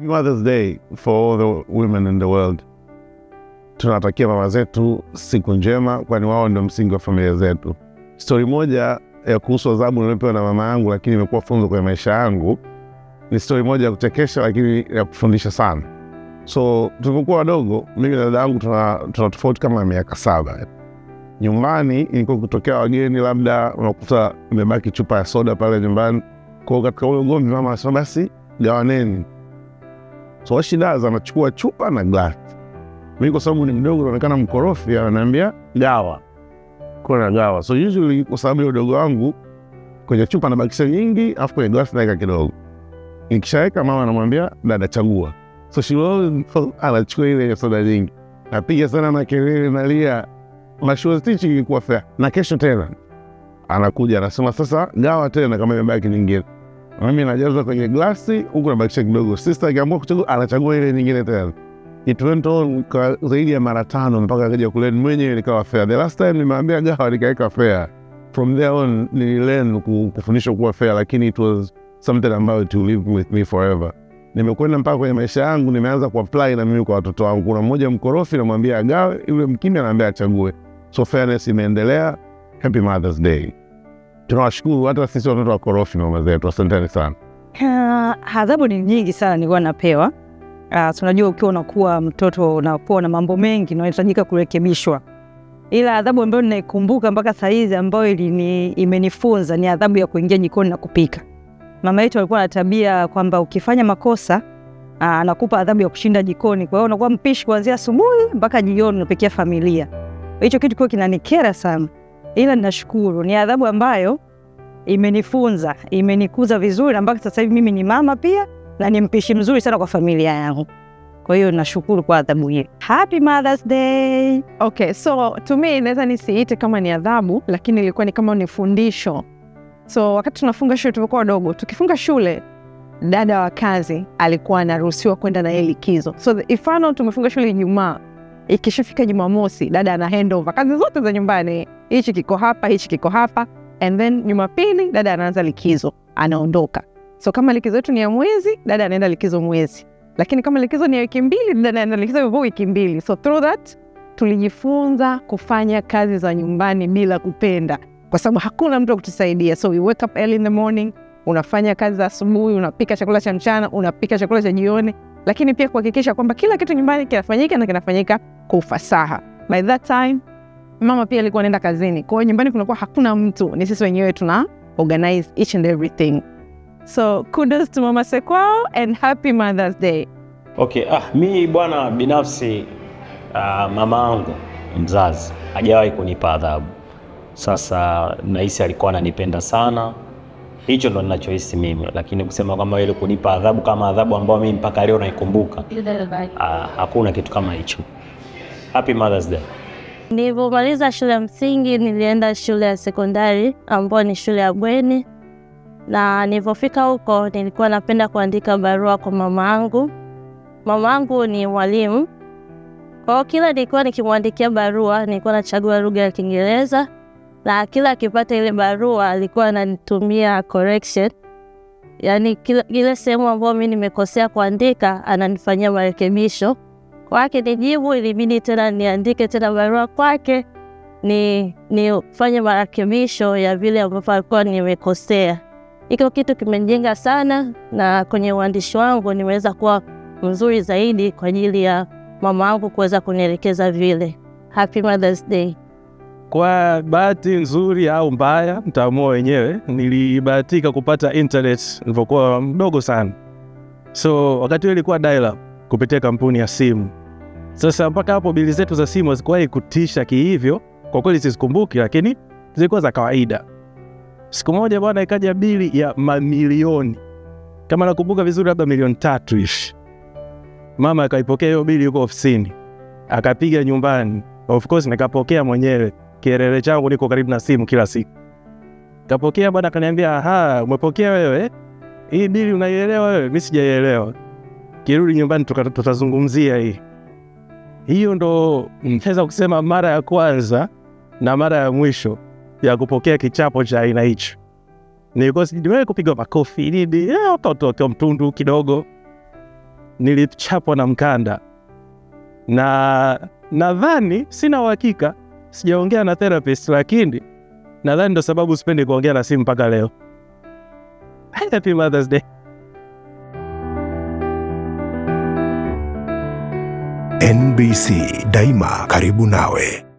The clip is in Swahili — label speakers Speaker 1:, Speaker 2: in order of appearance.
Speaker 1: Happy Mother's Day for all the women in the world. Tunatakia mama zetu siku njema, kwani wao ndio msingi wa familia zetu. Stori moja ya kuhusu adhabu niliopewa na mama yangu, lakini imekuwa funzo kwenye maisha yangu. Ni stori moja ya kuchekesha, lakini ya kufundisha sana. So tulipokuwa wadogo, mimi na dada yangu tuna, tuna tofauti kama miaka saba. Nyumbani ilikuwa kutokea wageni, labda unakuta umebaki chupa ya soda pale nyumbani kwao. Katika ule ugomvi, mama anasema basi gawaneni So Washidaza anachukua chupa na glasi. Mimi kwa sababu ni mdogo, naonekana mkorofi, ananiambia gawa, kuna gawa. So usually kwa sababu ya udogo wangu kwenye chupa nabakisha nyingi, afu kwenye glasi naweka kidogo. Nikishaweka mama anamwambia dada, chagua. So she anachukua ile soda nyingi, napiga sana na kelele, nalia na show stitch ilikuwa fair. Na kesho tena anakuja anasema sasa gawa tena, kama imebaki nyingine mimi najaza kwenye glasi huku nabakisha kidogo. Sista akiamua kuchagua anachagua ile nyingine tena. It went on kwa zaidi ya mara tano mpaka akaja kulen mwenyewe, nikawa fair. The last time nimeambia gawa nikaweka fair. From there on nililen kufundishwa kuwa fair, lakini it was something ambayo to live with me forever. Nimekwenda mpaka kwenye maisha yangu, nimeanza kuapply na mimi kwa watoto wangu. Kuna mmoja mkorofi, namwambia agawe, yule mkimya anaambia achague. So fairness imeendelea. Happy Mother's Day tunawashukuru hata sisi watoto wakorofi, mama zetu, asanteni sana.
Speaker 2: Uh, Adhabu ni nyingi sana nilikuwa napewa. Uh, ah, tunajua ukiwa unakuwa mtoto unakuwa na mambo mengi na unahitajika kurekebishwa, ila adhabu ambayo ninaikumbuka mpaka sahizi ambayo ilini imenifunza ni adhabu ya kuingia jikoni na kupika. Mama yetu alikuwa na tabia kwamba ukifanya makosa ah, anakupa adhabu ya kushinda jikoni. Kwa hiyo unakuwa mpishi kuanzia asubuhi mpaka jioni, unapikia familia. Hicho kitu kwa kinanikera sana ila nashukuru, ni adhabu ambayo imenifunza, imenikuza vizuri, ambako sasa hivi mimi ni mama pia na ni mpishi mzuri sana kwa familia yangu. Kwa hiyo nashukuru kwa adhabu hii Happy Mother's Day.
Speaker 3: Okay, so to me naweza nisiite kama ni adhabu, lakini ilikuwa ni kama ni fundisho. So wakati tunafunga shule tulikuwa wadogo, tukifunga shule dada wa kazi alikuwa anaruhusiwa kwenda na yeye likizo. So ifano tumefunga shule Ijumaa, ikishafika Jumamosi dada ana handover kazi zote za nyumbani hichi kiko hapa, hichi kiko hapa, and then Jumapili dada anaanza likizo, anaondoka. So kama likizo yetu ni ya mwezi, dada anaenda likizo mwezi, lakini kama likizo ni ya wiki mbili, dada anaenda likizo hivo wiki mbili. So through that tulijifunza kufanya kazi za nyumbani bila kupenda, kwa sababu hakuna mtu akutusaidia So we wake up early in the morning, unafanya kazi za asubuhi, unapika chakula cha mchana, unapika chakula cha jioni, lakini pia kuhakikisha kwamba kila kitu nyumbani kinafanyika na kinafanyika kwa ufasaha. By that time mama pia alikuwa anaenda kazini, kwa hiyo nyumbani kunakuwa hakuna mtu, ni sisi wenyewe tuna organize each and everything. So kudos to Mama Sekwao and happy Mother's Day.
Speaker 4: Okay, ah, mi bwana binafsi uh, mama angu mzazi hajawahi kunipa adhabu. Sasa nahisi alikuwa ananipenda sana, hicho ndo ninachohisi mimi, lakini kusema kwamba ile kunipa adhabu kama adhabu ambayo mimi mpaka leo naikumbuka, ah, hakuna kitu kama hicho. Happy Mother's Day.
Speaker 5: Nilipomaliza shule ya msingi, nilienda shule ya sekondari ambayo ni shule ya bweni, na nilipofika huko nilikuwa napenda kuandika barua kwa mama yangu. Mama yangu ni mwalimu, kwa kila nilikuwa nikimwandikia barua nilikuwa nachagua lugha ya Kiingereza, na kila akipata ile barua alikuwa ananitumia correction, yaani ile sehemu ambayo mi nimekosea kuandika ananifanyia marekebisho wake nijibu, ilibidi tena niandike tena barua kwake ni nifanye marekebisho ya vile ambavyo alikuwa nimekosea. Hiko kitu kimejenga sana, na kwenye uandishi wangu nimeweza kuwa mzuri zaidi kwa ajili ya mama wangu kuweza kunielekeza vile. Happy Mother's Day.
Speaker 6: Kwa bahati nzuri au mbaya, mtaamua wenyewe. Nilibahatika kupata internet nilipokuwa mdogo sana, so wakati huo ilikuwa dial up kupitia kampuni ya simu sasa mpaka hapo bili zetu za simu hazikuwahi kutisha kihivyo, kwa kweli sizikumbuki, lakini zilikuwa za kawaida. Siku moja bwana, ikaja bili ya mamilioni, kama nakumbuka vizuri, labda milioni tatu hivi. Mama akaipokea hiyo bili, yuko ofisini, akapiga nyumbani. Of course nikapokea mwenyewe, kielele changu niko karibu na simu kila siku. Kapokea bwana, akaniambia aha, umepokea wewe eh? hii bili, unaielewa wewe? Mi sijaielewa. Kirudi nyumbani tutazungumzia hii hiyo ndo naweza kusema mara ya kwanza na mara ya mwisho ya kupokea kichapo cha aina hicho. Nilikuwa kupigwa makofi nini, eh, tototo mtundu kidogo, nilichapwa na mkanda, na nadhani, sina uhakika, sijaongea na therapist, lakini nadhani ndo sababu sipendi kuongea na simu mpaka leo. Happy Mother's Day. NBC daima karibu nawe.